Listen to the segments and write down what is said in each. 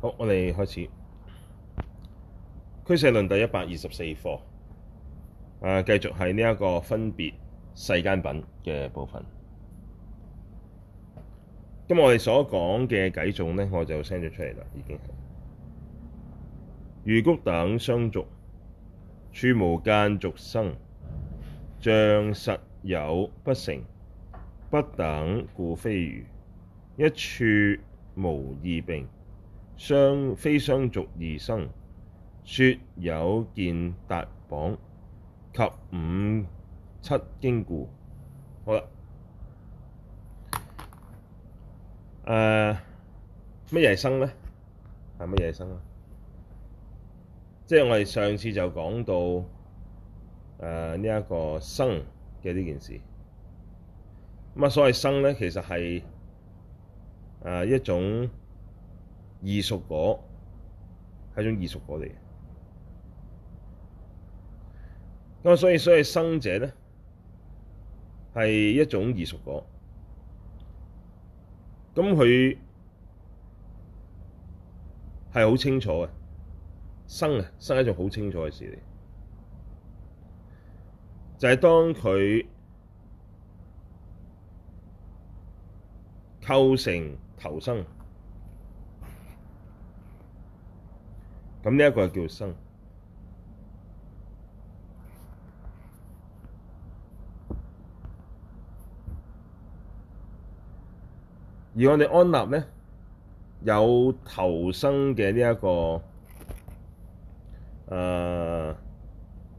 好，我哋開始俱舍論第一百二十四課。誒，繼續係呢一個分別世間品嘅部分。咁我哋所講嘅幾種呢，我就 send 咗出嚟啦，已經係。如穀等相續，處無間續生，像實有不成，不等故非譬，一處無二並。相非相續二生，說有健達縛，及五七經故。好啦，誒咩嘢係生咧？係乜嘢係生啊？什麼是生，是什麼是生，即係我哋上次就講到誒呢一個生嘅呢件事。咁啊，所謂生咧，其實係誒、啊、一種，異熟果係一種異熟果嚟，嘅，咁所以所以生者呢係一種異熟果，咁佢係好清楚嘅生啊，生係一種好清楚嘅事嚟，就係當佢構成投生。咁呢一個就叫生，而我哋安立咧有投生嘅呢一個，誒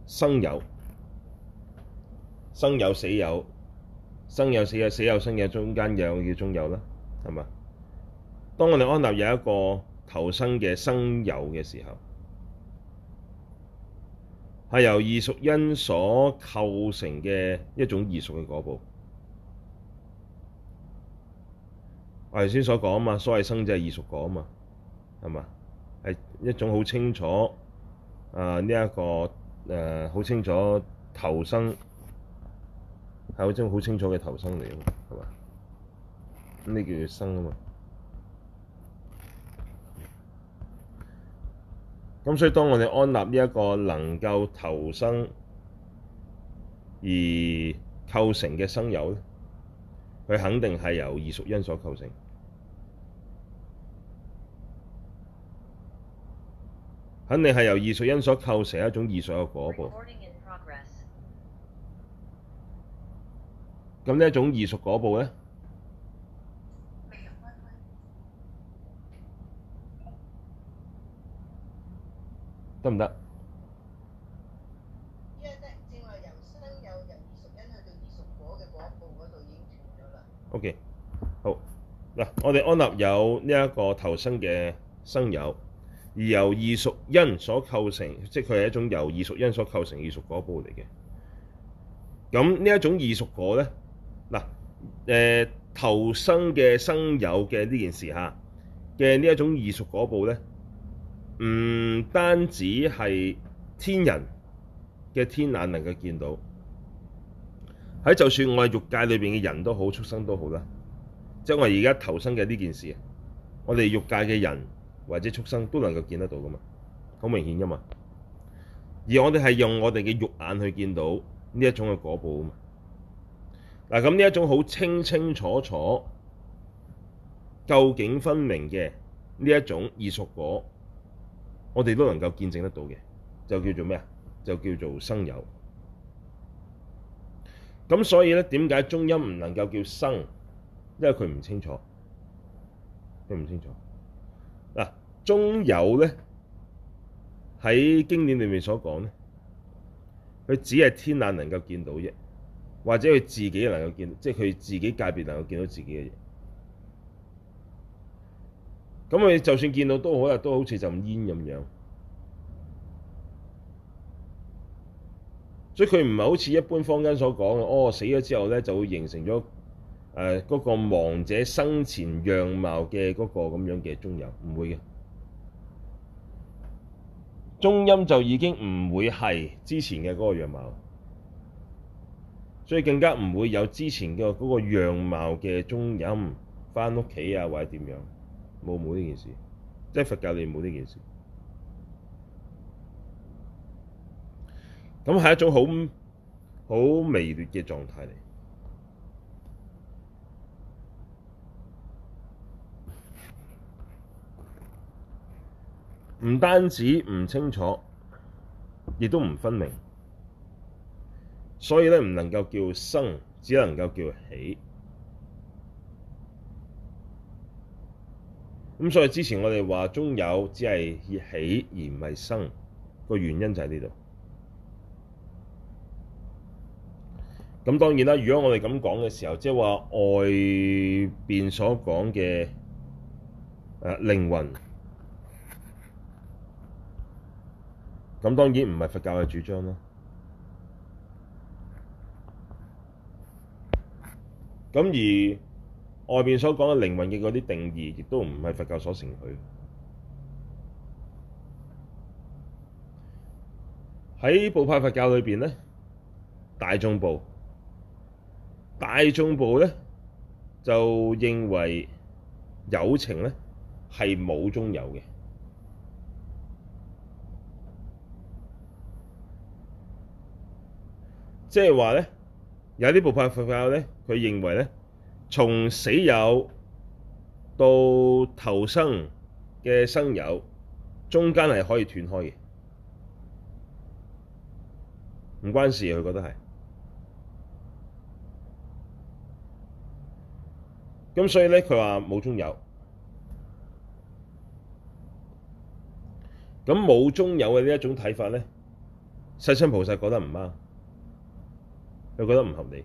生有生有死有，生有死有死有生有，中間有叫中有啦，係嘛？當我哋安立有一個投生嘅生有嘅時候，係由異熟因所構成嘅一種異熟嘅果報。我頭先所講啊嘛，所謂生者係異熟果啊嘛，係嘛？係一種好清楚啊！呢、呃、一、這個誒，好、呃、清楚投生係一種好清楚嘅投生嚟嘅，係嘛？咁你叫佢生啊嘛？咁所以當我哋安立呢一個能夠投生而構成嘅生有咧，佢肯定係由異熟因所構成，肯定係由異熟因，因所構成一種異熟嘅果報。咁呢一種異熟果報呢？唔得。因為正話由生有由異熟因去到異熟果嘅果報度，已經斷咗喇。Okay，好嗱，我哋安立有呢一個投生嘅生有，而由異熟因所構成，即係佢係一種由異熟因所構成異熟果報嚟嘅。咁呢一種異熟果咧，嗱誒投生嘅生有嘅呢件事嚇嘅呢一種異熟果報咧。唔單止係天人嘅天眼能夠見到，喺就算我係欲界裏面嘅人都好，畜生都好啦。即係我而家投生嘅呢件事，我哋欲界嘅人或者畜生都能夠見得到噶嘛，好明顯噶嘛。而我哋係用我哋嘅肉眼去見到呢一種嘅果報啊嘛！嗱，咁呢一種好清清楚楚、究竟分明嘅呢一種異熟果。我哋都能夠見證得到嘅，就叫做咩啊？就叫做生有。咁所以咧，點解中有唔能夠叫生？因為佢唔清楚，佢唔清楚。嗱、啊，中有咧喺經典裏面所講咧，佢只係天眼能夠見到啫，或者佢自己能夠見，即係佢自己界別能夠見到自己嘅嘢。咁佢就算見到都好啦，都好似陣煙咁樣，所以佢唔係好似一般坊間所講嘅。哦，死咗之後咧就會形成咗嗰、呃嗰個亡者生前樣貌嘅嗰個咁樣嘅中有，唔會嘅。中有就已經唔會係之前嘅嗰個樣貌，所以更加唔會有之前嘅嗰個樣貌嘅中有返屋企啊，或者點樣？冇冇呢件事，即係佛教裏冇呢件事。咁係一種好好微劣嘅狀態嚟。唔單止唔清楚，亦都唔分明，所以咧唔能夠叫生，只能夠叫起。咁所以之前我哋話中有只係起而唔係生，個原因就喺呢度。咁當然啦，如果我哋咁講嘅時候，即係話外邊所講嘅誒靈魂，咁當然唔係佛教嘅主張咯。咁而外面所講嘅靈魂嘅嗰啲定義，亦都唔係佛教所承許。喺部派佛教裏面呢，呢大眾部、大眾部呢就認為有情呢係冇中有嘅，即係話呢，有啲部派佛教呢，佢認為呢。從死有到投生嘅生有，中間係可以斷開嘅，唔關事，佢覺得是係。咁所以咧，佢話冇中有。咁冇中有嘅呢一種睇法咧，世親菩薩覺得唔啱，佢覺得唔合理。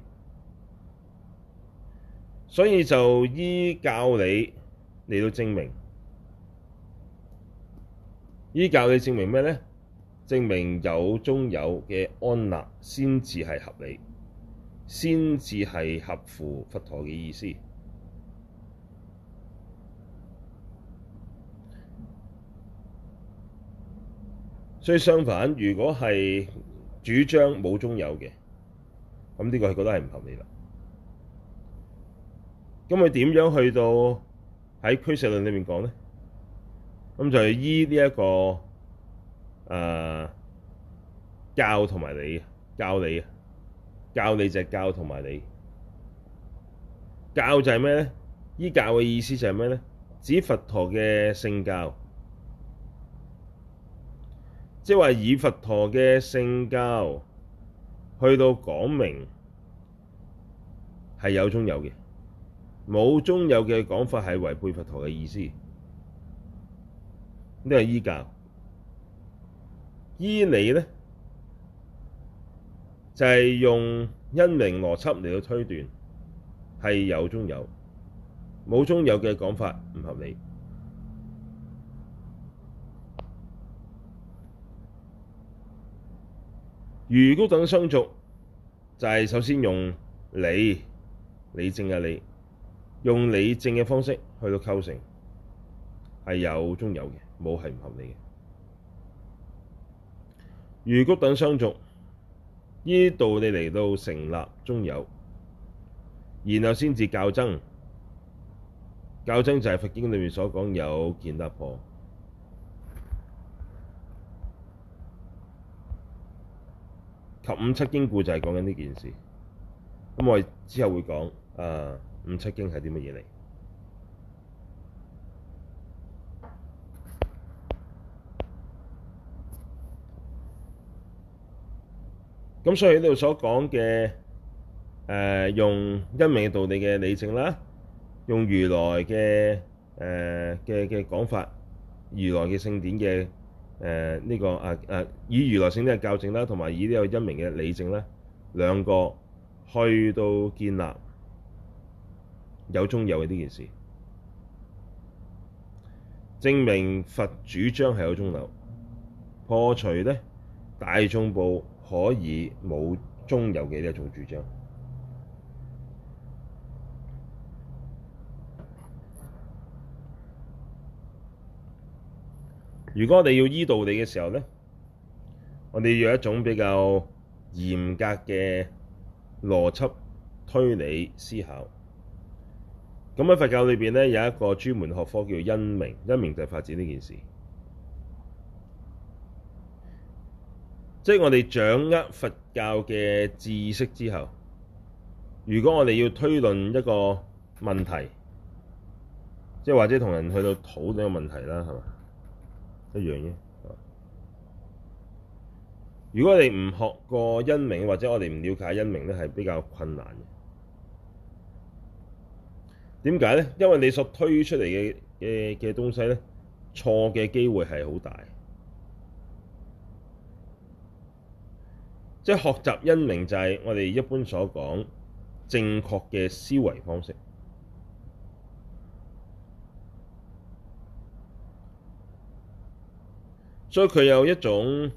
所以就依教理嚟到證明，依教理證明咩咧？證明有中有嘅安立先至係合理，先至係合乎佛陀嘅意思。所以相反，如果係主張冇中有嘅，咁呢個係覺得係唔合理啦。咁佢點樣去到喺《俱舍論》裏面講咧？咁就係依呢、這、一個誒教同埋理教你啊，教，教，教你隻教同埋理教就係咩咧？依教嘅意思就係咩咧？指佛陀嘅聖教，即係話以佛陀嘅聖教去到講明係有中有嘅。冇中有嘅講法係違背佛陀嘅意思。呢個依教依理咧，就係、是、用因明邏輯嚟到推斷，係有中有，冇中有嘅講法唔合理。如穀等相續，就係、是、首先用理，理證嘅理。用理證嘅方式去到構成，係有中有嘅，冇，係唔合理嘅。如穀等相續，呢度你嚟到成立中有，然後先至教增。教增就係佛經裏面所講有健達縛及五七經故，就係講緊呢件事。咁我哋之後會講。啊！五七經係啲乜嘢嚟？咁所以呢度所講嘅誒，用因明嘅道理嘅理證啦，用如來嘅誒嘅嘅講法，如來嘅聖典嘅誒呢個啊啊，以如來聖典嘅教證啦，同埋以呢個因明嘅理證啦，兩個去到建立。有中有嘅呢件事，證明佛主張係有中有，破除呢大眾部可以冇中有嘅呢種主張。如果我哋要依道理嘅時候呢，我哋要有一種比較嚴格嘅邏輯推理思考。咁喺佛教裏邊咧，有一個專門學科叫因明，因明就係發展呢件事。即係我哋掌握佛教嘅知識之後，如果我哋要推論一個問題，即係或者同人去到討論個問題啦，係嘛一樣嘅？如果我哋唔學過因明，或者我哋唔了解因明咧，係比較困難嘅。點解呢？因為你所推出嚟嘅嘅東西呢，錯嘅機會係好大的。即係學習因明就係我哋一般所講正確嘅思維方式，所以佢有一種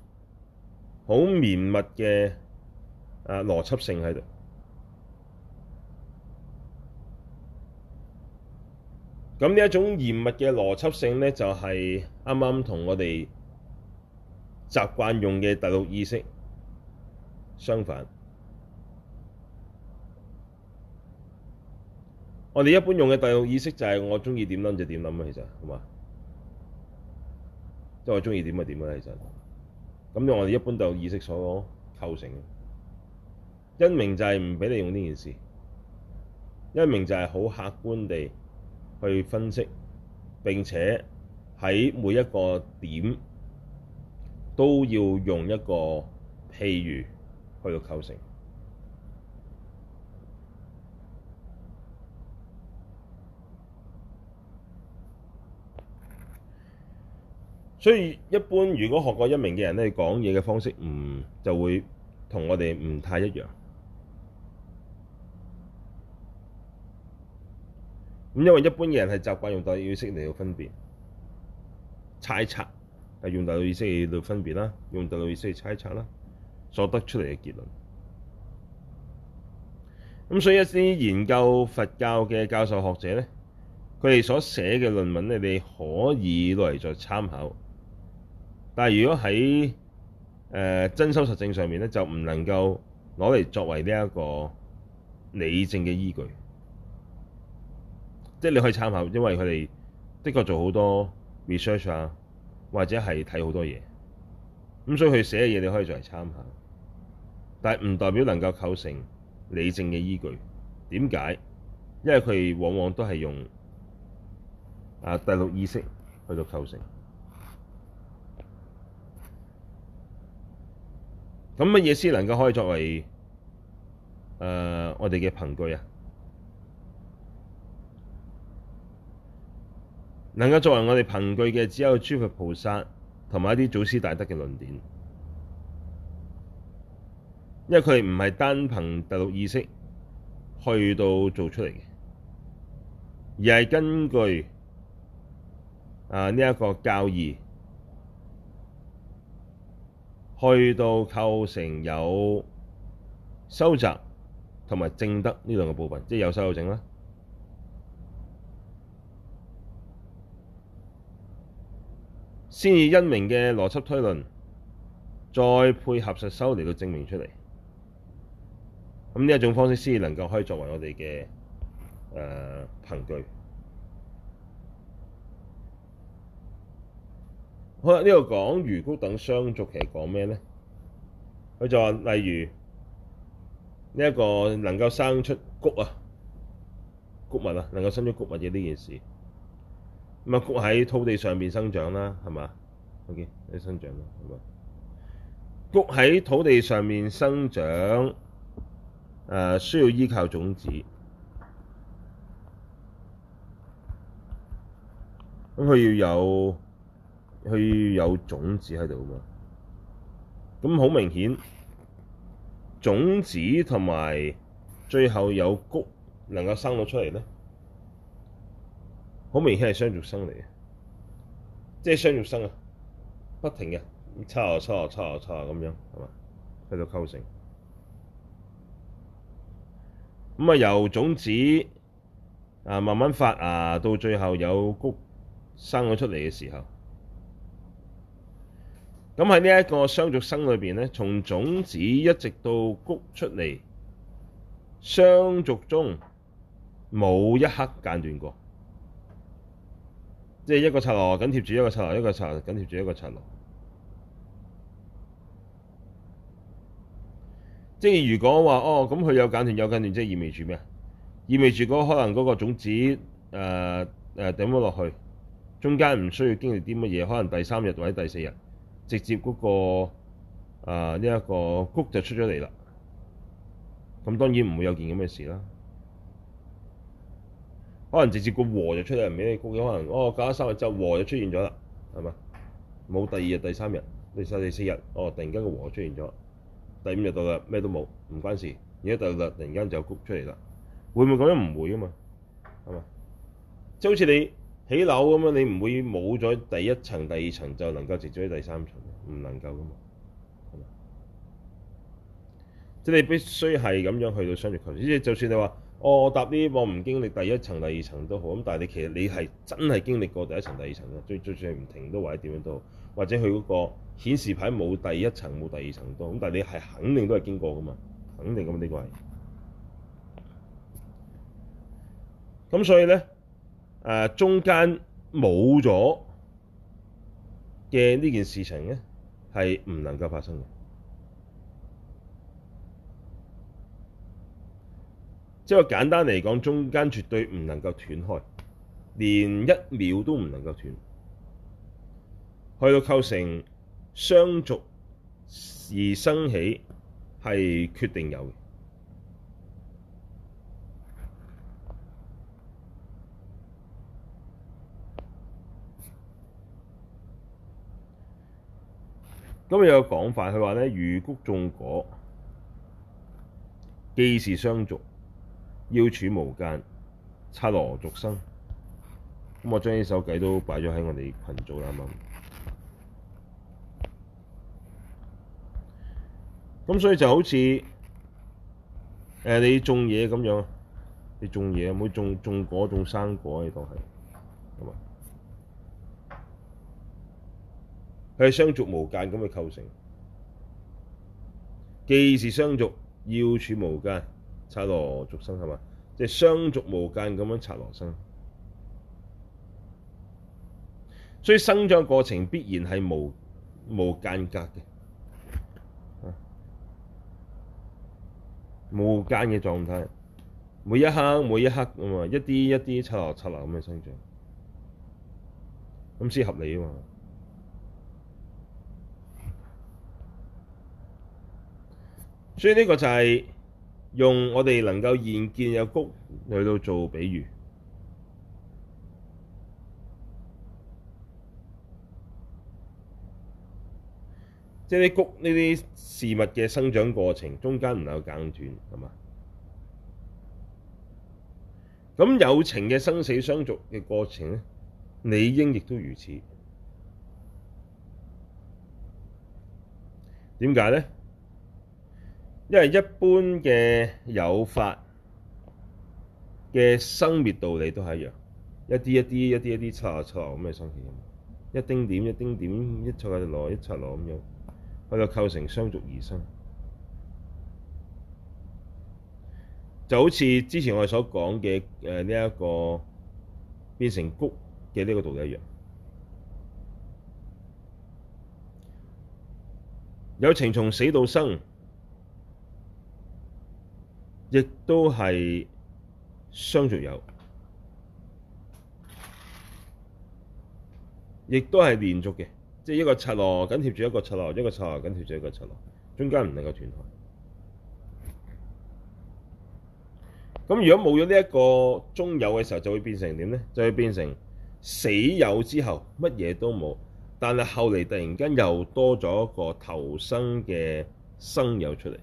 好綿密嘅啊邏輯性喺度。咁呢一種嚴密嘅邏輯性咧，就係啱啱同我哋習慣用嘅第六意識相反。我哋一般用嘅第六意識就係我鍾意點諗就點諗啊，其實，好嘛？即係我鍾意點就點嘅其實。咁咧，我哋一般第六意識所構成，一名就係唔俾你用呢件事；一名就係好客觀地去分析，並且喺每一個點都要用一個譬如去到構成。所以一般如果學過因明嘅人咧，講嘢嘅方式唔就會同我哋唔太一樣。咁因為一般嘅人係習慣用第六意識嚟到分別、猜測，係用第六意識嚟到分別啦，用第六意識嚟猜測啦，所得出嚟嘅結論。咁所以一啲研究佛教嘅教授學者咧，佢哋所寫嘅論文咧，你可以攞嚟作參考，但係如果喺誒、呃、真修實證上面咧，就唔能夠攞嚟作為呢一個理證嘅依據。即係你可以參考，因為佢哋的確做好多 research 啊，或者係睇好多嘢，咁所以佢寫嘅嘢你可以作為參考，但係唔代表能夠構成理證嘅依據。點解？因為佢哋往往都係用啊第六意識去到構成，咁乜嘢先能夠可以作為誒、呃、我哋嘅憑據啊？能夠作為我哋憑據嘅，只有諸佛菩薩同埋一啲祖師大德嘅論點，因為佢唔係單憑第六意識去到做出嚟嘅，而係根據呢一個教義去到構成有修習同埋證得呢兩個部分，即係有修有證啦。先以因明嘅邏輯推論，再配合實修嚟到證明出嚟，咁呢種方式先能夠可以作為我哋嘅、誒憑據。好啦，呢度講如穀等相續，其實講咩呢？佢就話，例如呢一、這個能夠生出穀啊，穀物啊，能夠生出穀物嘅、啊、呢件事。谷喺土地上面生長啦，係嘛？O K，喺生長啦，谷喺土地上面生長，呃，需要依靠種子。咁佢要有，佢要有種子喺度啊嘛。咁好明顯，種子同埋最後有谷能夠生到出嚟呢。好明顯係相續生嚟嘅，即係相續生啊！不停嘅，搓下搓下搓下搓下咁樣，係嘛？喺度構成咁啊！由種子啊，慢慢發芽，到最後有谷生咗出嚟嘅時候，咁喺呢一個相續生裏邊咧，從種子一直到谷出嚟，相續中冇一刻間斷過。即係一個剎那緊貼住一個剎那，一個剎那緊貼住一個剎那、哦。即係如果話哦，咁佢有間斷，有間斷，即係意味住咩？意味住嗰、那個、可能嗰個種子誒誒抌咗落去，中間唔需要經歷啲乜嘢，可能第三日或者第四日，直接嗰、那個呢一、呃這個穀就出咗嚟啦。咁當然唔會有件咁嘅事啦。可能直接個和就出嚟，唔畀你谷嘅可能哦，隔咗三日之後和就出現咗啦，係嘛？冇第二日、第三日、第四、第四日，哦，突然間個和出現咗，第五日到啦，咩都冇，唔關事。而家到六日突然間就谷出嚟啦，會唔會咁樣？唔會啊嘛，係嘛？即係好似你起樓咁樣，你唔會冇咗第一層、第二層，就能夠直接喺第三層，唔能夠噶嘛，係嘛？即係你必須係咁樣去到商業球，即係就算你話。哦，我搭呢我唔經歷第一層、第二層都好，咁但係你其實你係真係經歷過第一層、第二層嘅，最最最唔停都或者點樣都好，或者佢嗰個顯示牌冇第一層、冇第二層多，咁但係你係肯定都係經過㗎嘛，肯定咁呢個係。咁所以咧，啊，中間冇咗嘅呢件事情咧，係唔能夠發生嘅。即係簡單嚟講，中間絕對唔能夠斷開，連一秒都唔能夠斷，去到構成相續而生起，係決定有嘅。今日有個講法，佢話呢：「如穀種果，既是相續，要處無間，剎那續生。咁我將呢首偈都擺咗喺我哋群組啦，咁。咁所以就好似，誒，你種嘢咁樣，你種嘢有冇種種果、種生果？你當係，係嘛？佢係相續無間咁去構成，既是相續，要處無間。剎那續生係嘛，即係相續無間咁樣剎那生，所以生長過程必然係無間隔嘅，無間嘅狀態，每一刻每一刻啊嘛，一啲一啲剎那剎那咁樣生長，咁先合理啊嘛，所以呢個就係、是。用我哋能夠現見有谷去到做比喻，即係啲谷呢啲事物嘅生長過程，中間唔能夠間斷，係嘛？咁有情嘅生死相續嘅過程咧，理應亦都如此。點解咧？因為一般嘅有法嘅生滅道理都係一樣，一啲一啲一啲一啲剎那剎那咁樣生起，一丁點一丁點一剎那一剎那咁樣，佢就構成相續而生，就好似之前我哋所講嘅呢一個變成谷嘅呢個道理一樣，有情從死到生。亦都係相續有，亦都係連續嘅，即係一個剎那緊貼住一個剎那，一個剎那緊貼住一個剎那，中間唔能夠斷開。咁如果冇咗呢一個中有嘅時候，就會變成點咧？就會變成死有之後，乜嘢都冇。但係後嚟突然間又多咗一個投生嘅生有出嚟。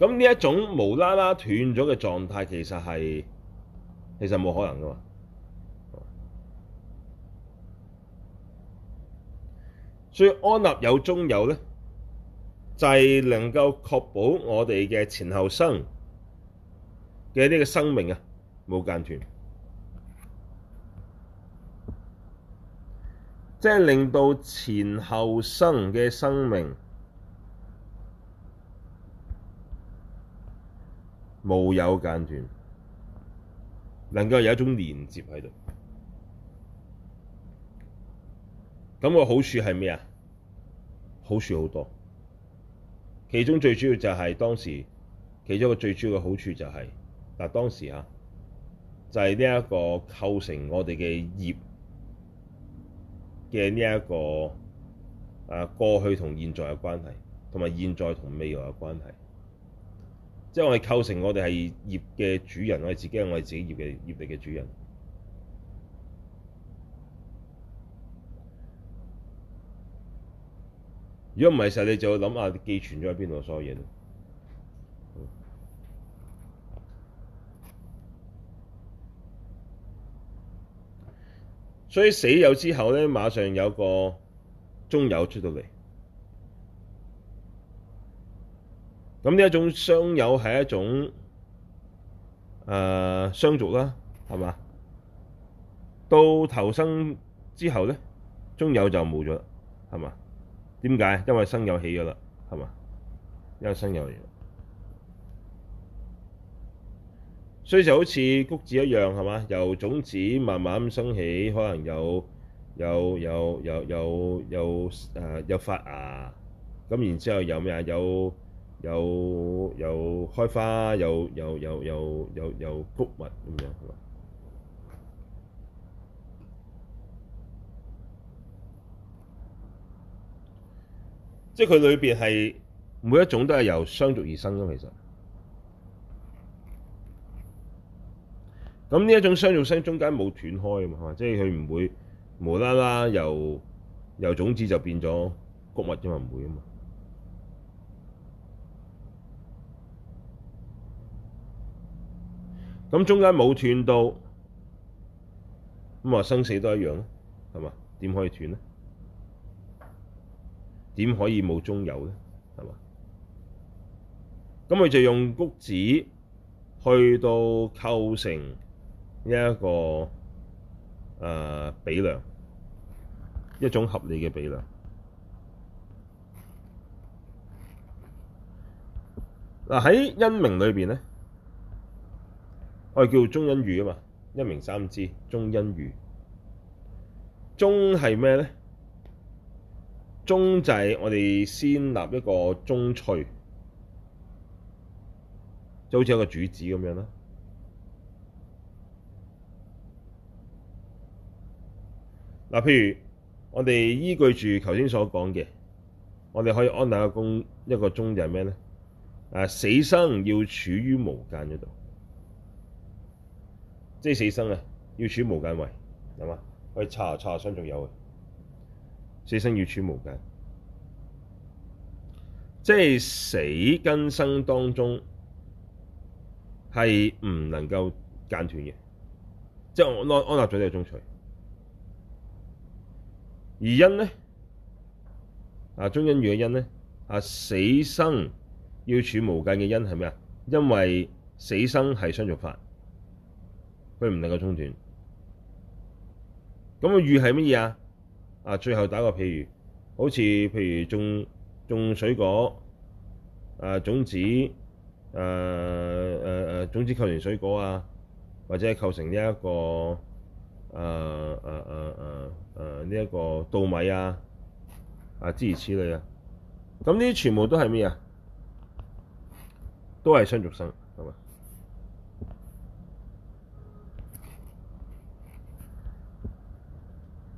咁呢一種無啦啦斷咗嘅狀態，其實係其實冇可能噶嘛。所以安立有中有咧，就係能夠確保我哋嘅前後生嘅呢個生命啊冇間斷，即係令到前後生嘅生命。冇有間斷，能夠有一種連接喺度。咁、那個好處係咩啊？好處好多，其中最主要就係當時，其中一個最主要嘅好處就係、是、嗱，當時嚇就係呢一個構成我哋嘅業嘅呢一個啊過去同現在嘅關係，同埋現在同未來嘅關係。即係我哋構成我哋係業嘅主人，我哋自己係我哋自己業嘅業力嘅主人不。如果唔係，實你就要諗下寄存咗喺邊度所有嘢咯。所以死有之後咧，馬上有個中有出到嚟。咁呢一種雙有係一種誒相續啦，係嘛？到投生之後咧，中有就冇咗啦，係嘛？點解？因為生有起咗啦，係嘛？因為生有嚟，所以就好似穀子一樣，係嘛？由種子慢慢咁生起，可能有有有有有有誒有發芽，咁然之後有咩啊？有有有開花，有有有有有有穀物咁樣，係嘛？即係佢裏邊係每一種都係由相續而生噶，其實。咁呢一種相續生中間冇斷開啊嘛，即係佢唔會無啦啦由由種子就變咗穀物，因為唔會啊嘛。咁中間冇斷到，咁啊生死都一樣咯，係嘛？點可以斷咧？點可以冇中有咧？係嘛？咁佢就用穀子去到構成呢一個誒比量，一種合理嘅比量。嗱喺因明裏邊咧。佢叫宗因喻啊嘛，一名三支宗因喻。宗係咩咧？宗就係我哋先立一個宗趣，就好似一個主旨咁樣啦。嗱，譬如我哋依據住頭先所講嘅，我哋可以安立個宗，一個宗，就係咩咧？啊，死生要處於無間嗰度。即係死生啊，要處無間位，有嘛？去查去查相續有啊！死生要處無間，即係死跟生當中係唔能夠間斷嘅，即係安安立咗呢個宗趣，而因呢？啊，宗因喻嘅因呢？啊，死生要處無間嘅因係咩啊？因為死生係相續法。佢唔能夠中斷，咁啊，喻係乜嘢啊？啊，最後打個譬如，好似譬如種，種水果，啊，種子、呃，誒、呃、種子構成水果啊，或者係構成呢一個，誒誒誒誒誒呢一個稻米啊，啊，諸如此類啊，咁呢啲全部都係咩啊？都係相續生，係咪？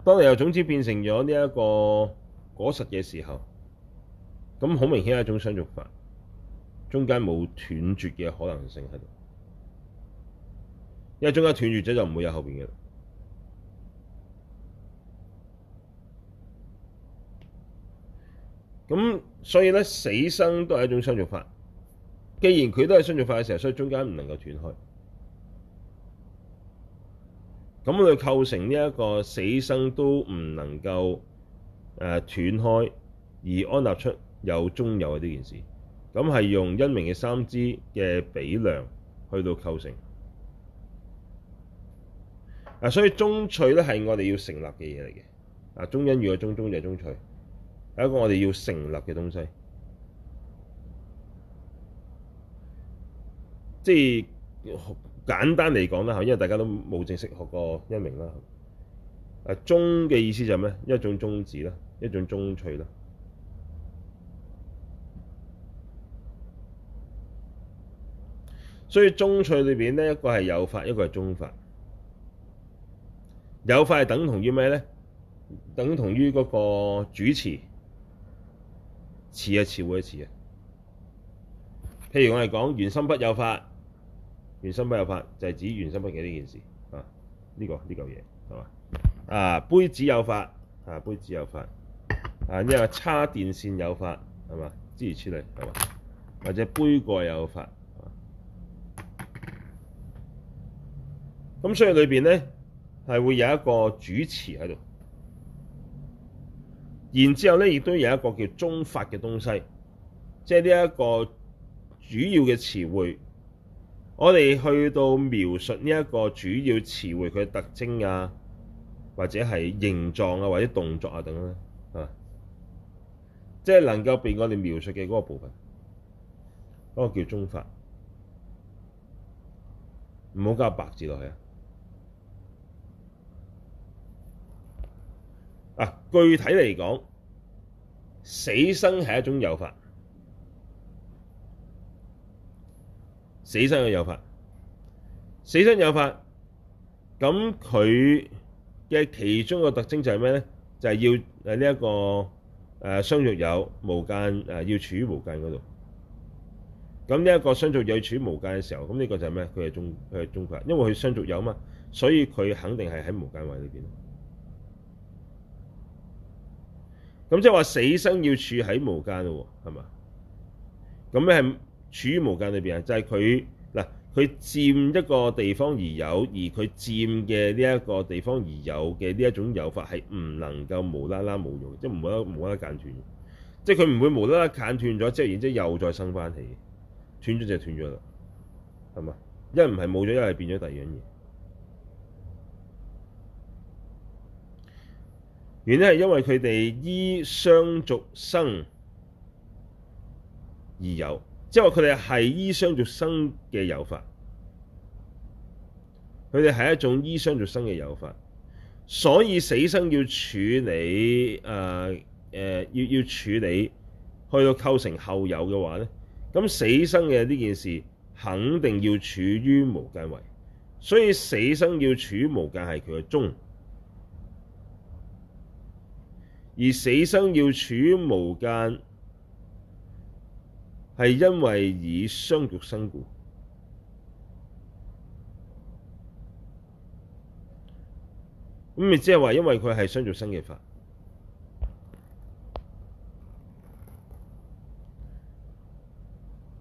當你由種子變成咗呢一個果實嘅時候，咁好明顯係一種相續法，中間冇斷絕嘅可能性喺度，因為中間斷絕咗就唔會有後邊嘅。咁所以咧，死生都係一種相續法，既然佢都係相續法嘅時候，所以中間唔能夠斷開。咁佢構成呢、這、一個死生都唔能夠誒、呃、斷開，而安立出有中有嘅呢件事，咁係用因明嘅三支嘅比量去到構成。啊，所以宗趣咧係我哋要成立嘅嘢嚟嘅。啊，宗因與喻果中，宗就係宗趣，係一個我哋要成立嘅東西，即係。簡單嚟講啦，因為大家都冇正式學過因明啦。誒，宗嘅意思就係咩？一種宗旨啦，一種宗趣啦。所以宗趣裏面咧，一個係有法，一個係宗法。有法係等同於咩咧？等同於嗰個主詞，詞啊詞彙一詞啊。譬如我哋講原心不有法。原子筆有法就係、是、指原子筆嘅呢件事啊，呢、這個呢嚿嘢係嘛啊？杯子有法啊，杯子有法啊，即係叉電線有法係嘛？諸如此類係嘛？或者杯蓋有法啊？咁所以裏邊咧係會有一個主詞喺度，然之後咧亦都有一個叫宗法嘅東西，即係呢一個主要嘅詞彙。我哋去到描述呢一個主要詞彙佢嘅特徵啊，或者係形狀啊，或者動作啊等等啊，即係、就是、能夠被我哋描述嘅嗰個部分，嗰、那個叫宗法，唔好加白字落去啊！啊，具體嚟講，死生係一種有法。死生有法，死生有法，咁佢嘅其中一個特徵就係咩咧？就係、是、要誒呢一個誒相續有無間誒、呃，要處於無間嗰度。咁呢一個相續有處於無間嘅時候，咁呢個就係咩？佢係宗，佢係宗法，因為佢相續有嘛，所以佢肯定係喺無間位裏邊。咁即係話死生要處喺無間咯，係嘛？咁咧係。處於無間裏邊啊，就係佢嗱，佢佔一個地方而有，而佢佔嘅呢一個地方而有嘅呢一種有法係唔能夠無啦啦冇用，即係冇得冇得間斷，即係佢唔會無啦啦間斷咗之後，然之後又再生翻起，斷咗就係斷咗啦，係嘛？因為唔係冇咗，因為變咗第二樣嘢。原因係因為佢哋依相續生而有。即係話佢哋係依相續生嘅有法，佢哋係一種依相續生嘅有法，所以死生要處理誒誒、呃呃，要要處理去到構成後有嘅話咧，咁死生嘅呢件事肯定要處於無間位，所以死生要處於無間係佢嘅宗，而死生要處於無間，係因為以相續生故，咁亦即係話，因為佢係相續生嘅法。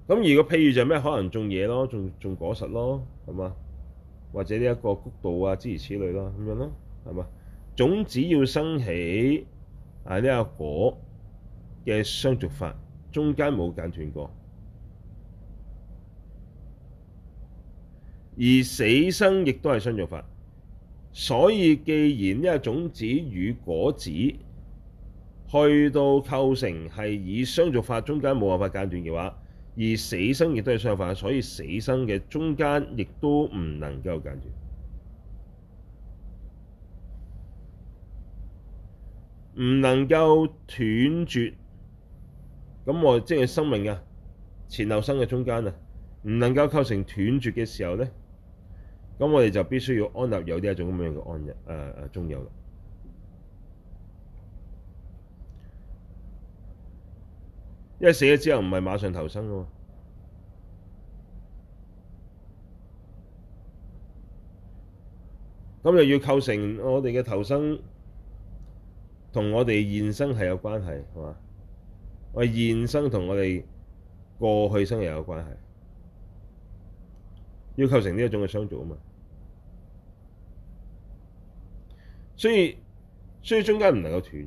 咁如果譬如，就咩可能種嘢咯，種種果實咯，係嘛？或者呢一個谷道啊，諸如此類咯，咁樣咯，係嘛？種子要生起啊，呢一個果嘅相續法。中間冇間斷過，而死生亦都係相續法，所以既然呢個種子與果子去到構成係以相續法中間冇辦法間斷嘅話，而死生亦都係相續法。所以死生嘅中間亦都唔能夠間斷，唔能夠斷絕。咁我即係、就是、生命啊，前後生嘅中間啊，唔能夠構成斷絕嘅時候咧，咁我哋就必須要安立有啲一種咁樣嘅安立誒、啊、中有啦，因為死咗之後唔係馬上投生喎，嘛，咁又要構成我哋嘅投生同我哋現生係有關係，係嘛？我哋現生同我哋過去生又有關係，要構成呢一種嘅相續啊嘛，所以所以中間唔能夠斷。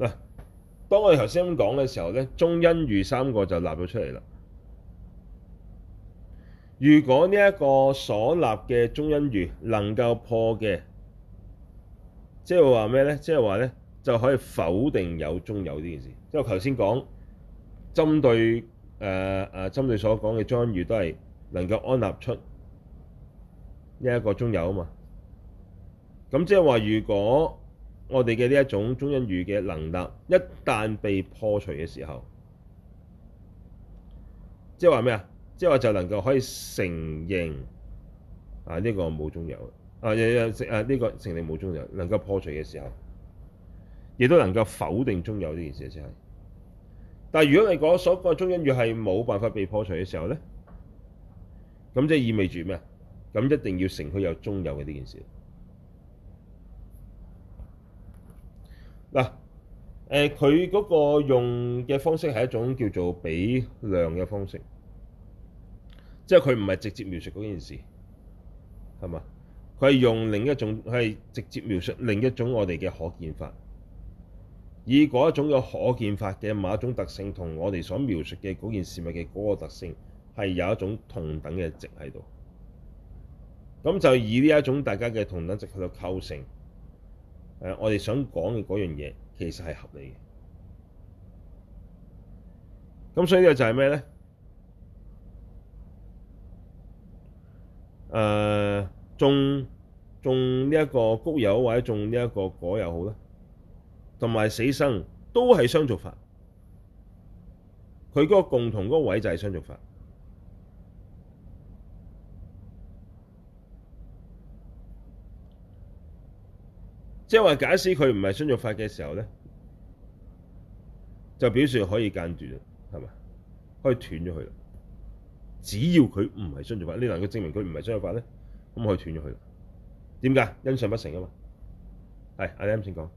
嗱，當我哋頭先講嘅時候咧，宗因喻三個就立咗出嚟啦。如果呢一個所立嘅宗因喻能夠破嘅，即係話咩咧？即係話咧就可以否定有中有呢件事是才說。即係我頭先講，針對誒誒針對所講嘅宗因喻都係能夠安立出呢一個中有啊嘛。咁即係話，如果我哋嘅呢一種宗因喻嘅能立一旦被破除嘅時候，即係話咩啊？即係話就能夠可以承認啊呢個冇中有啊！亦有食啊！呢、啊這個成立冇中有能夠破除嘅時候，亦都能夠否定中有呢件事，即係。但係，如果你講所講中陰月係冇辦法被破除嘅時候咧，咁即係意味住咩？咁一定要承許有中有嘅呢件事。嗱、啊，誒、呃，佢嗰個用嘅方式係一種叫做比量嘅方式，即係佢唔係直接描述嗰件事，係嘛？佢係用另一種，佢係直接描述另一種我哋嘅可見法，以嗰一種有可見法嘅某一種特性，同我哋所描述嘅嗰件事物嘅嗰個特性係有一種同等嘅值喺度。咁就以呢一種大家嘅同等值去到構成，誒，我哋想講嘅嗰樣嘢其實係合理嘅。咁所以呢個就係咩咧？誒、嗯。種種呢一個穀又好，或者種呢一個果又好啦，同埋死生都係相續法。佢嗰個共同嗰個位就係相續法。即係話假使佢唔係相續法嘅時候咧，就表示可以間斷，係咪？可以斷咗佢。只要佢唔係相續法，你能夠證明佢唔係相續法咧？咁佢斷咗去點解？因相不成啊嘛，係阿啱先講。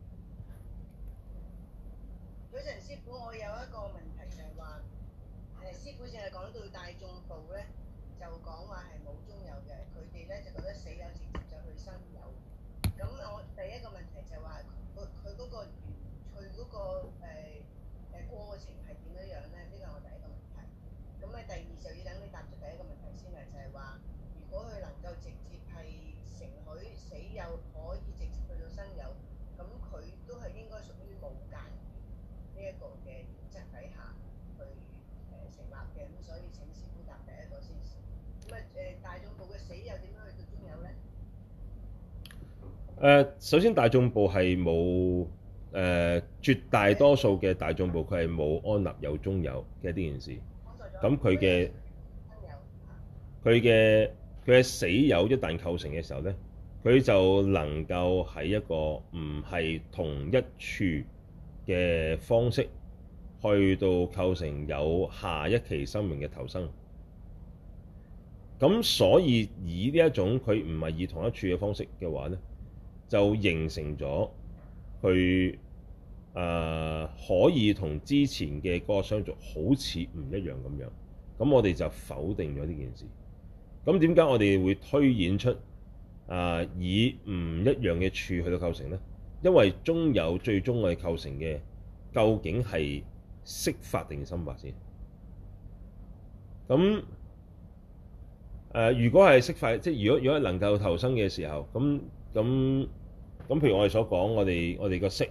誒、呃，首先大眾部係冇誒，絕大多數嘅大眾部佢係冇安立有中有嘅呢件事。咁佢嘅佢嘅佢嘅死有一旦構成嘅時候呢，佢就能夠喺一個唔係同一處嘅方式去到構成有下一期生命嘅投生。咁所以以呢一種佢唔係以同一處嘅方式嘅話呢。就形成咗，去、呃、誒可以同之前嘅嗰個相續好似唔一樣咁樣。咁我哋就否定咗呢件事。咁點解我哋會推演出誒、呃、以唔一樣嘅處去到構成呢？因為中有最終我哋構成嘅究竟係色法定心法先。咁誒、呃，如果係色法，即係如果如果能夠投生嘅時候，咁咁。咁譬如我哋所講，我哋、就是、我哋個色，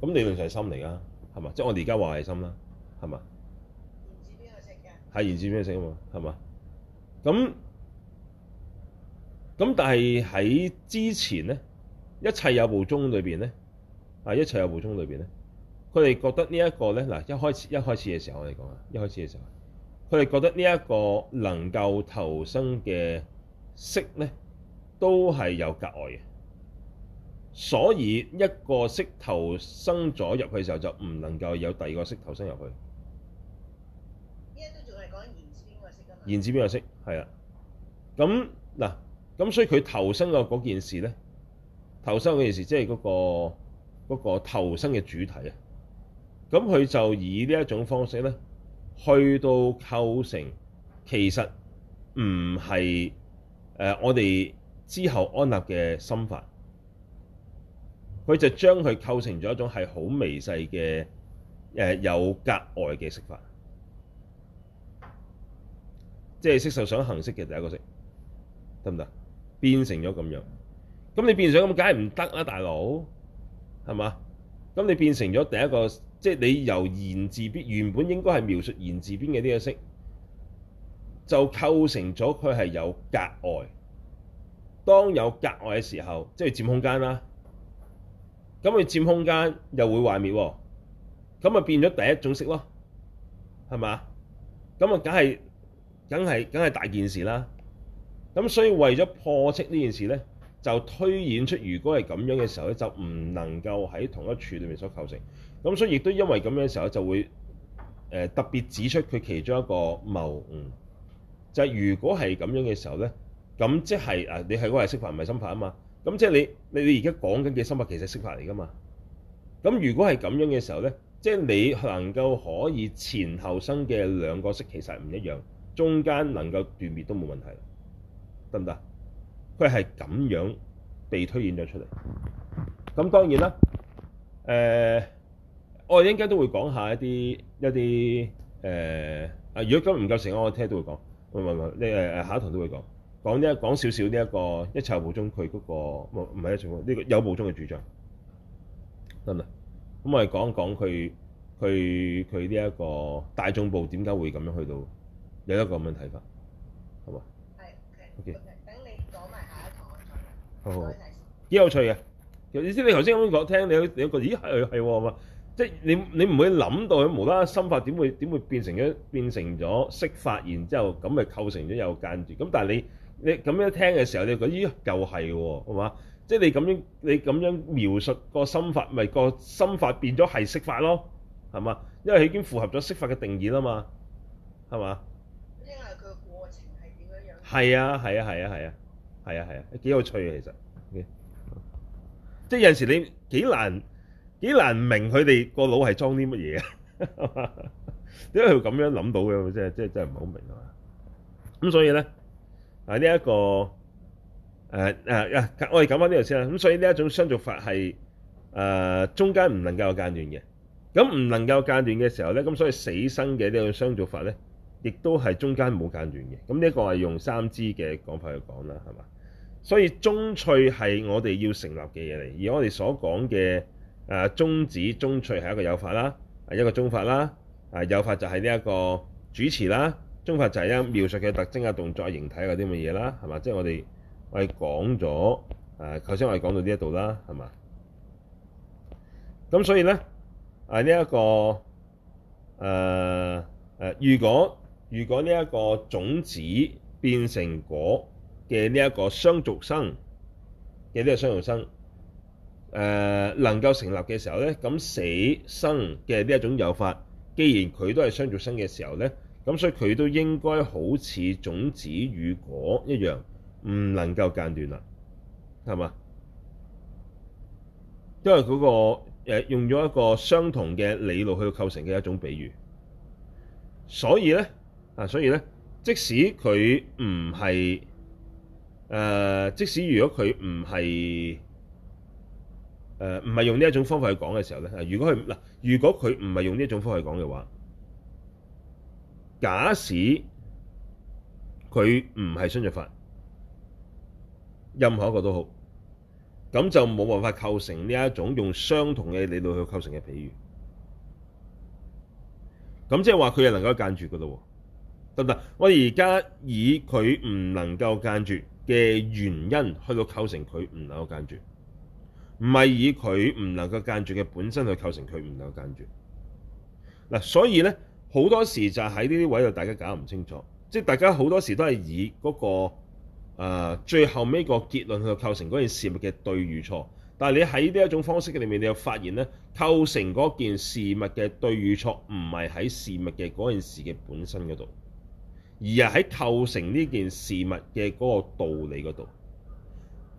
咁理論上係心嚟噶，係嘛？即係我哋而家話係心啦，係嘛？源自邊個色嘅？係源自邊個色啊？嘛，係嘛？咁咁，但係喺之前咧，一切有部中裏邊咧，嗱，一切有部中裏邊咧，佢哋覺得這呢一個咧，嗱，一開始一開始嘅時候我哋講啊，一開始嘅時,時候，佢哋覺得呢一個能夠投生嘅色咧，都係有格外嘅。所以一個色投生咗入去嘅時候，就唔能夠有第二個色投生入去現在的的。依家都仲係講言字邊個色？言字邊個色？係啊。咁嗱，咁所以佢投生嘅嗰件事咧，投生嘅件事即係嗰個嗰個投生嘅主體啊。咁佢就以呢一種方式咧，去到構成，其實唔係誒我哋之後安立嘅心法。佢就將佢構成咗一種係好微細嘅誒、呃、有格外嘅色法，即係色受想行識嘅第一個色，得唔得？變成咗咁樣，咁你變成咁解唔得啦，大佬，係嘛？咁你變成咗第一個，即係你由言字邊原本應該係描述言字邊嘅呢個識，就構成咗佢係有格外。當有格外嘅時候，即係佔空間啦。咁佢佔空間又會壞滅，咁咪變咗第一種色咯，係嘛？咁啊，梗係梗係梗係大件事啦。咁所以為咗破斥呢件事咧，就推演出如果係咁樣嘅時候咧，就唔能夠喺同一處裏面所構成。咁所以亦都因為咁樣嘅時候就會誒特別指出佢其中一個謬誤，就係、是、如果係咁樣嘅時候咧，咁即係你係個係色法唔係心法啊嘛。咁即係你你你而家講緊嘅新法其實識法嚟㗎嘛。咁如果係咁樣嘅時候咧，即係你能夠可以前後生嘅兩個色其實唔一樣，中間能夠斷滅都冇問題，得唔得？佢係咁樣被推演咗出嚟。咁當然啦，誒、呃，我應該都會講下一啲一啲誒啊，如果今日唔夠成，我聽都會講，你誒誒下一堂都會講。講啲講少少呢一個一籌無中佢嗰個冇唔係一情況，呢、呢個有無中嘅主張，得唔得？咁我哋講講佢佢佢呢一個大眾部點解會咁樣去到有一個咁嘅睇法，係嘛？係。O、okay. K，等你講埋下一個。好，好。幾有趣嘅，意思你頭先咁講，聽你你個咦係係喎嘛？即係你你唔會諗到佢無啦心法點會點會變成咗變成咗色法，然之後咁咪構成咗有間住。咁但係你。你咁樣聽嘅時候，你覺，咦又係喎，係嘛？即係你咁樣你咁樣描述個心法，咪個心法變咗係色法咯，係嘛？因為佢已經符合咗色法嘅定義啦嘛，係嘛？因為佢過程係點樣樣？係啊、係啊、係啊、係啊、係啊、係啊。幾有趣啊其實，即係有陣時你幾難幾難明佢哋個腦係裝啲乜嘢啊？因為佢咁樣諗到嘅，即係即係即係唔係好明啊？咁所以咧。啊！呢、這、一個誒誒呀，我哋講翻呢度先啦。咁所以呢一種相續法係誒、啊、中間唔能夠有間斷嘅。咁唔能夠間斷嘅時候咧，咁所以死生嘅呢種相續法咧，亦都係中間冇間斷嘅。咁呢一個係用三支嘅講法去講啦，係嘛？所以宗趣係我哋要成立嘅嘢嚟，而我哋所講嘅誒宗旨、宗趣係一個有法啦，係一個宗法啦，啊有法就係呢一個主詞啦。宗法就係因為描述嘅特徵啊、動作啊、形體嗰啲乜嘢啦，係嘛？即係我哋我哋講咗誒，頭先我哋講到呢一度啦，係嘛？咁所以咧，喺呢一個誒誒，如果如果呢一個種子變成果嘅呢一個相續生嘅呢個相續生誒能夠成立嘅時候咧，咁死生嘅呢一種有法，既然佢都係相續生嘅時候咧。咁所以佢都應該好似種子與果一樣，唔能夠間斷啦，係嘛？因為嗰個誒用咗一個相同嘅理路去構成嘅一種比喻，所以咧啊，所以咧，即使佢唔係誒，即使如果佢唔係誒，唔係用呢一種方法去講嘅時候咧，如果佢嗱，如果佢唔係用呢一種方法去講嘅話。假使佢唔係相續法，任何一個都好，咁就冇辦法構成呢一種用相同嘅理論去構成嘅比喻。咁即係話佢又能夠間住噶咯，得唔得？我而家以佢唔能夠間住嘅原因去到構成佢唔能夠間住，唔係以佢唔能夠間住嘅本身去構成佢唔能夠間住。嗱，所以咧。好多時就喺呢啲位度，大家搞唔清楚，即係大家好多時都係以嗰個、呃、最後尾個結論去構成嗰件事物嘅對與錯。但係你喺呢一種方式嘅裏面，你又發現呢構成嗰件事物嘅對與錯唔係喺事物嘅嗰件事嘅本身嗰度，而係喺構成呢件事物嘅嗰個道理嗰度。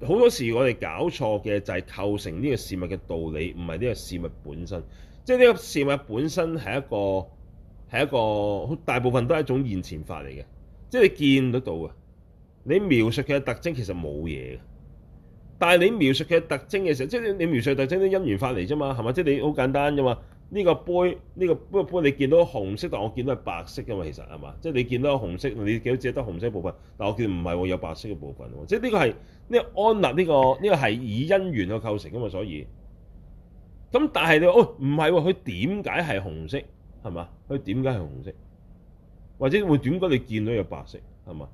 好多時我哋搞錯嘅就係構成呢個事物嘅道理，唔係呢個事物本身。即係呢個事物本身係一個。係一個大部分都係一種現前法嚟嘅，即係你見得到啊。你描述佢嘅特徵其實冇嘢嘅，但係你描述佢嘅特徵嘅時候，即係你描述特徵啲因緣法嚟啫嘛，係嘛？即係你好簡單噶嘛。呢個杯呢個杯杯，你見到紅色，但我見到係白色嘅嘛，其實係嘛？即係你見到紅色，你見到只得紅色部分，但我見唔係喎，有白色嘅部分喎。即係呢個係呢個安立呢個呢個係以因緣去構成嘅嘛，所以咁，但係你哦，唔係喎，佢點解係紅色？係嘛？佢點解係紅色？或者會點解你見到有白色？係嘛？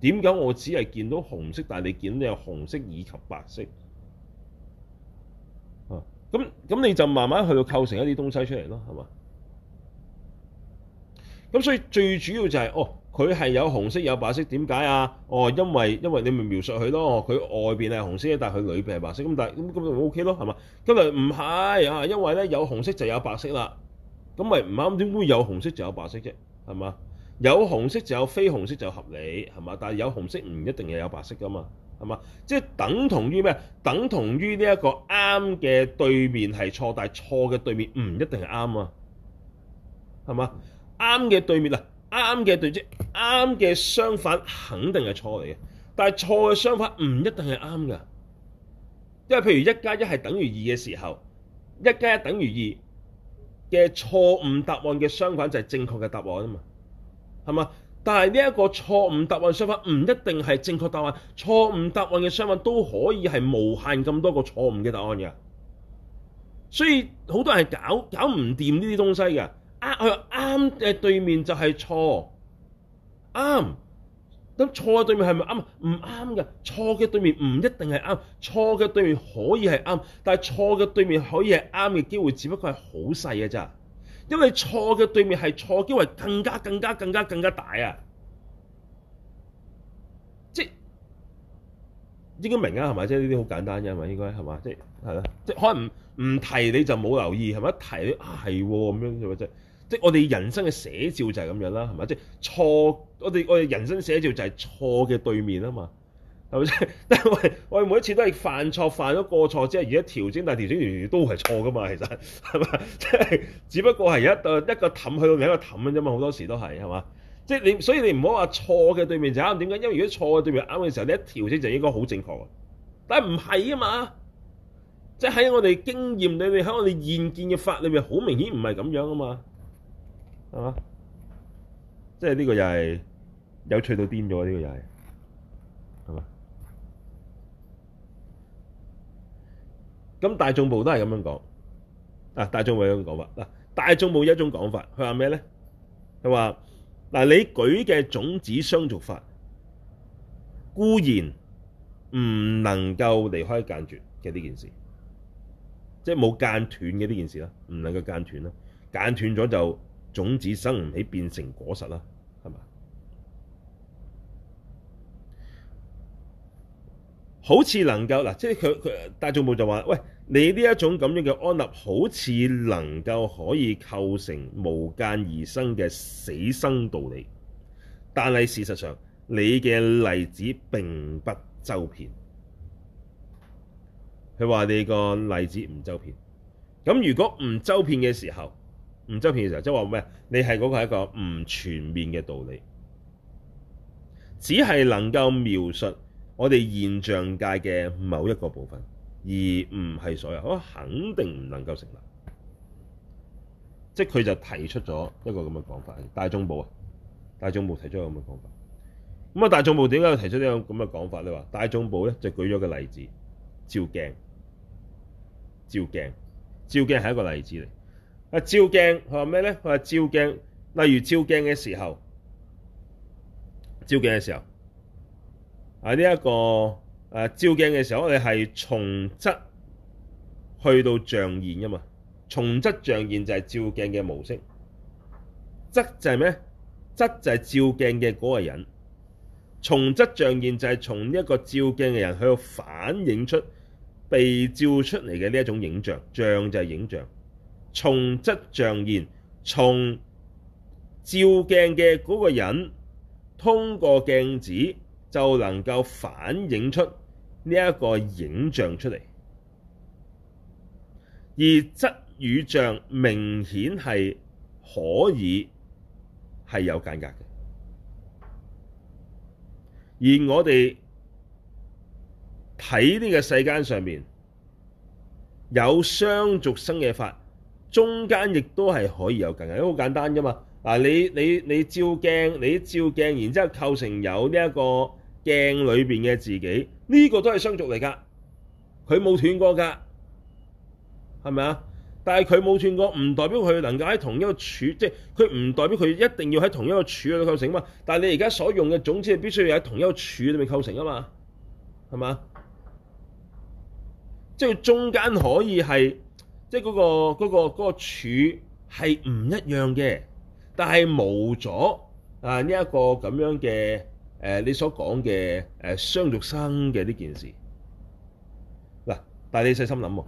點解我只係見到紅色，但係你見到有紅色以及白色？啊，咁咁你就慢慢去到構成一啲東西出嚟咯，係嘛？咁所以最主要就係、是、哦，佢係有紅色有白色，點解啊？哦，因為因為你咪描述佢咯，佢外邊係紅色，但係佢裏邊係白色，咁但係咁咁就 OK 咯，係嘛？咁啊唔係啊，因為咧有紅色就有白色啦。咁咪唔啱？點會有紅色就有白色啫？係嘛？有紅色就有非紅色，就合理係嘛？但有紅色唔一定係有白色噶嘛？係嘛？即係等同於咩？等同於呢一個啱嘅對面係錯，但係錯嘅對面唔一定係啱啊？係嘛？啱嘅對面啊，啱嘅對即啱嘅相反肯定係錯嚟嘅，但係錯嘅相反唔一定係啱噶。因為譬如一加一係等於二嘅時候，一加一等於二。嘅錯誤答案嘅相反就係正確嘅答案啊嘛，係嘛？但係呢一個錯誤答案相反唔一定係正確答案，錯誤答案嘅相反都可以係無限咁多個錯誤嘅答案嘅，所以好多人係搞搞唔掂呢啲東西嘅，啱嘅對，對面就係錯，啱。咁錯嘅對面係咪啱？唔啱嘅，錯嘅對面唔一定係啱，錯嘅對面可以係啱，但係錯嘅對面可以係啱嘅機會，只不過係好細嘅咋！因為錯嘅對面係錯嘅機會更加更加更加更加大啊！即係應該明啊，係咪？即係呢啲好簡單嘅係咪？應該係嘛？即係係啦，即係可能唔提你就冇留意，係咪一提你係喎咁樣就或即係我哋人生嘅寫照就係咁樣啦，係咪？即係錯，我哋我哋人生寫照就係錯嘅對面啊嘛，係咪？即但係我哋我哋每一次都係犯錯，犯咗過錯之後而家調整，但係調整完都係錯噶嘛。其實係嘛，即係只不過係一一個氹去到另一個氹咁啫嘛。好多時都係係嘛，即係你所以你唔好話錯嘅對面就啱。點解？因為如果錯嘅對面啱嘅時候，你一調整就應該好正確。但係唔係啊嘛，即係喺我哋經驗裏面，喺我哋現見嘅法裏面，好明顯唔係咁樣啊嘛。係嘛？即係呢個又係有趣到癲咗，呢個又係係咪？咁大眾部都係咁樣講啊！大眾部有一種講法嗱，大眾部一種講法，佢話咩咧？佢話嗱，你舉嘅種子相續法固然唔能夠離開間絕嘅呢件事，即係冇間斷嘅呢件事啦，唔能夠間斷啦，間斷咗就。種子生唔起，變成果實啦，係嘛？好似能夠嗱，即係佢佢大眾部就話：喂，你呢一種咁樣嘅安立，好似能夠可以構成無間而生嘅死生道理，但係事實上，你嘅例子並不周遍。佢話你個例子唔周遍，咁如果唔周遍嘅時候，唔週遍嘅時候，即係話咩？你係嗰個一個唔全面嘅道理，只係能夠描述我哋現象界嘅某一個部分，而唔係所有，我肯定唔能夠成立。即係佢就提出咗一個咁嘅講法，大眾部啊，大眾部提出咗咁嘅講法。咁啊，大眾部點解要提出呢個咁嘅講法呢？話大眾部咧就舉咗個例子，照鏡，照鏡，照鏡係一個例子嚟。啊！什麼呢，照鏡，佢話咩咧？佢話照鏡，例如照鏡嘅時候，照鏡嘅時候，啊呢一、這個誒、啊、照鏡嘅時候，我哋係從質去到象現噶嘛？從質象現就係照鏡嘅模式，質就係咩？質就係照鏡嘅嗰個人，從質象現就係從呢一個照鏡嘅人去到反映出被照出嚟嘅呢一種影像，象就係影像。從質像現，從照鏡嘅嗰個人通過鏡子，就能夠反映出呢一個影像出嚟。而質與像明顯係可以係有間隔嘅。而我哋睇呢個世間上面有相續生嘅法。中間亦都係可以有近因為好簡單啫嘛。嗱，你你你照鏡，你照鏡,你照鏡，然之後構成有呢一個鏡裏邊嘅自己，呢、呢個都係相續嚟噶，佢冇斷過噶，係咪啊？但係佢冇斷過，唔代表佢能夠喺同一個處，即係佢唔代表佢一定要喺同一個處裏面構成嘛。但係你而家所用嘅種子，係必須要喺同一個處裏面構成啊嘛，係咪？即係中間可以係。即係、那、嗰個嗰、那個嗰處係唔一樣嘅，但係冇咗啊呢一、這個咁樣嘅誒、呃、你所講嘅誒相續生嘅呢件事嗱，但係你細心諗喎，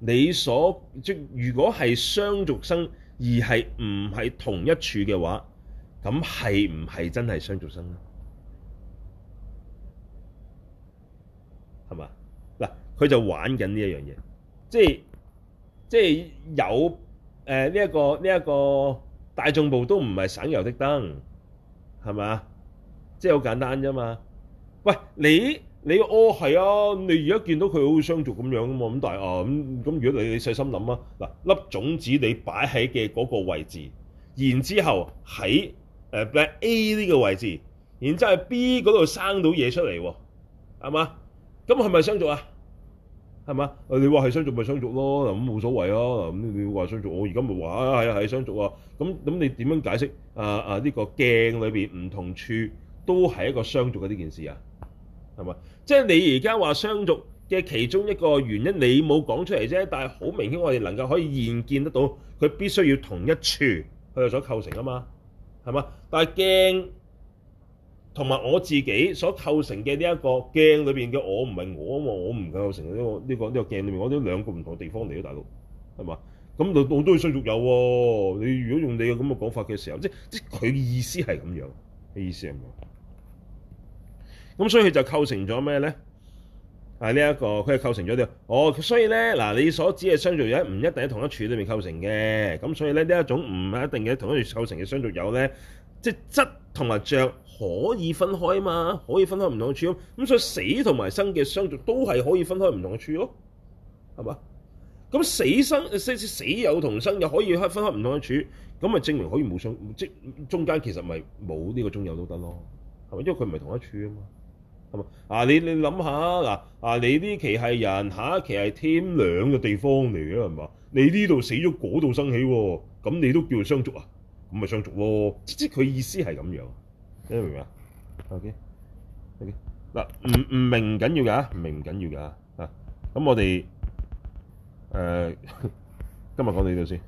你所即如果係相續生而係唔係同一處嘅話，咁係唔係真係相續生咧？係嘛，嗱，佢、啊、就玩緊呢一樣嘢。即係即係有誒呢一個呢一個大眾部都唔係省油的燈，係咪啊？即係好簡單啫嘛。喂，你你哦係啊，你而家見到佢好似相續咁樣啊嘛？咁但係啊咁咁，如果你你細心諗啊，嗱粒種子你擺喺嘅嗰個位置，然之後喺誒 A 呢個位置，然之後喺 B 嗰度生到嘢出嚟，係嘛？咁係咪相續啊？係嘛？你話係相續咪相續咯，咁冇所謂咯、啊。咁你話相續，我而家咪話啊係啊係相續啊。咁咁你點樣解釋啊啊呢、呢個鏡裏邊唔同處都係一個相續嘅呢件事啊？係嘛？即係你而家話相續嘅其中一個原因，你冇講出嚟啫。但係好明顯，我哋能夠可以現見得到，佢必須要同一處佢有所構成啊嘛，係嘛？但係鏡。同埋我自己所構成嘅呢一個鏡裏邊嘅我唔係我啊嘛，我唔構成呢、這個呢個呢個鏡裏面，我都兩個唔同嘅地方嚟嘅，大佬係嘛？咁我都係相續有喎、啊。你如果用你嘅咁嘅講法嘅時候，即即佢意思係咁樣嘅意思係咁。咁所以佢就構成咗咩咧？係呢一個，佢係構成咗啲、這個、哦。所以咧，嗱你所指嘅相續有唔一定喺同一處裏面構成嘅。咁所以咧，呢一種唔係一定喺同一處構成嘅相續有咧，即質同埋像，可以分開啊嘛，可以分開唔同嘅處咁，所以死同埋生嘅相續都係可以分開唔同嘅處咯，係嘛？咁死生即係死有同生又可以分開唔同嘅處，咁咪證明可以冇相即中間其實咪冇呢個中有都得咯，係咪？因為佢唔係同一處啊嘛，係嘛？啊你你諗下嗱啊，你呢、啊、期係人，下一期係天壤嘅地方嚟嘅係嘛？你呢度死咗，嗰度生起，咁你都叫做相續啊？咁咪相續咯，即佢意思係咁樣。你明唔明啊？O K，O K，嗱，唔唔明緊要㗎，唔明緊要㗎，啊，咁我哋誒，今日講到呢度先。